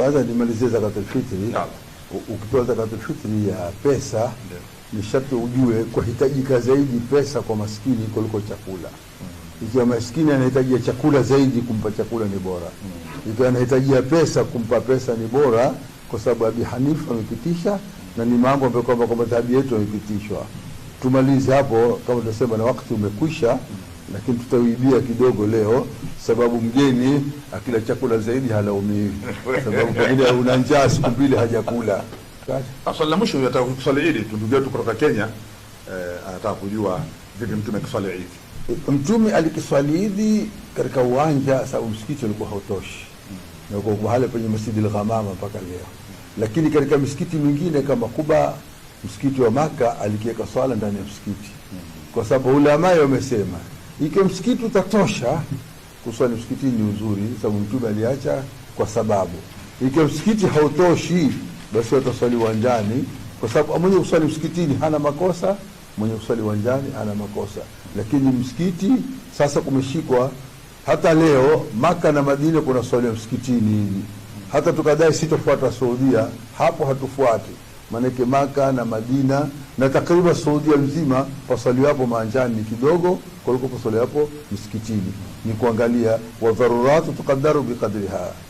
Kwanza nimalizie zakatul fitri. Ukitoa zakatul fitri ya pesa ni sharti ujue kwahitajika zaidi pesa kwa maskini kuliko chakula. Mm-hmm. Ikiwa maskini anahitajia chakula zaidi, kumpa chakula ni bora. Mm-hmm. Ikiwa anahitajia pesa, kumpa pesa ni bora, kwa sababu Abi Hanifa amepitisha na ni mambo ambayo kwamba kwa madhahabi yetu yamepitishwa. Tumalize hapo, kama tunasema na wakati umekwisha. Mm-hmm lakini tutauibia kidogo leo, sababu mgeni akila chakula zaidi halaumiwi, sababu pengine una njaa siku mbili hajakula. Swali la mwisho nataka kuswali Idi, ndugu yetu kutoka Kenya eh, anataka kujua vipi mtume akiswali Idi. Mtume alikiswali Idi katika uwanja, sababu msikiti ulikuwa hautoshi na uko penye masjidi lghamama mpaka leo, lakini katika misikiti mingine kama Kuba, msikiti wa Maka, alikiweka swala ndani ya msikiti kwa sababu ulama wamesema ikiwa msikiti utatosha kuswali msikitini ni uzuri, sababu Mtume aliacha kwa sababu. Ikiwa msikiti hautoshi, basi wataswali uwanjani, kwa sababu mwenye kuswali msikitini hana makosa, mwenye kuswali uwanjani ana makosa. Lakini msikiti sasa kumeshikwa, hata leo Maka na Madina kuna swali ya msikitini hivi. Hata tukadai sitofuata Saudia, hapo hatufuati maanake Maka na Madina na takriban Saudia mzima paswaliwapo maanjani ni kidogo kuliko paswaliwapo misikitini. Ni kuangalia wadharuratu tuqaddaru biqadriha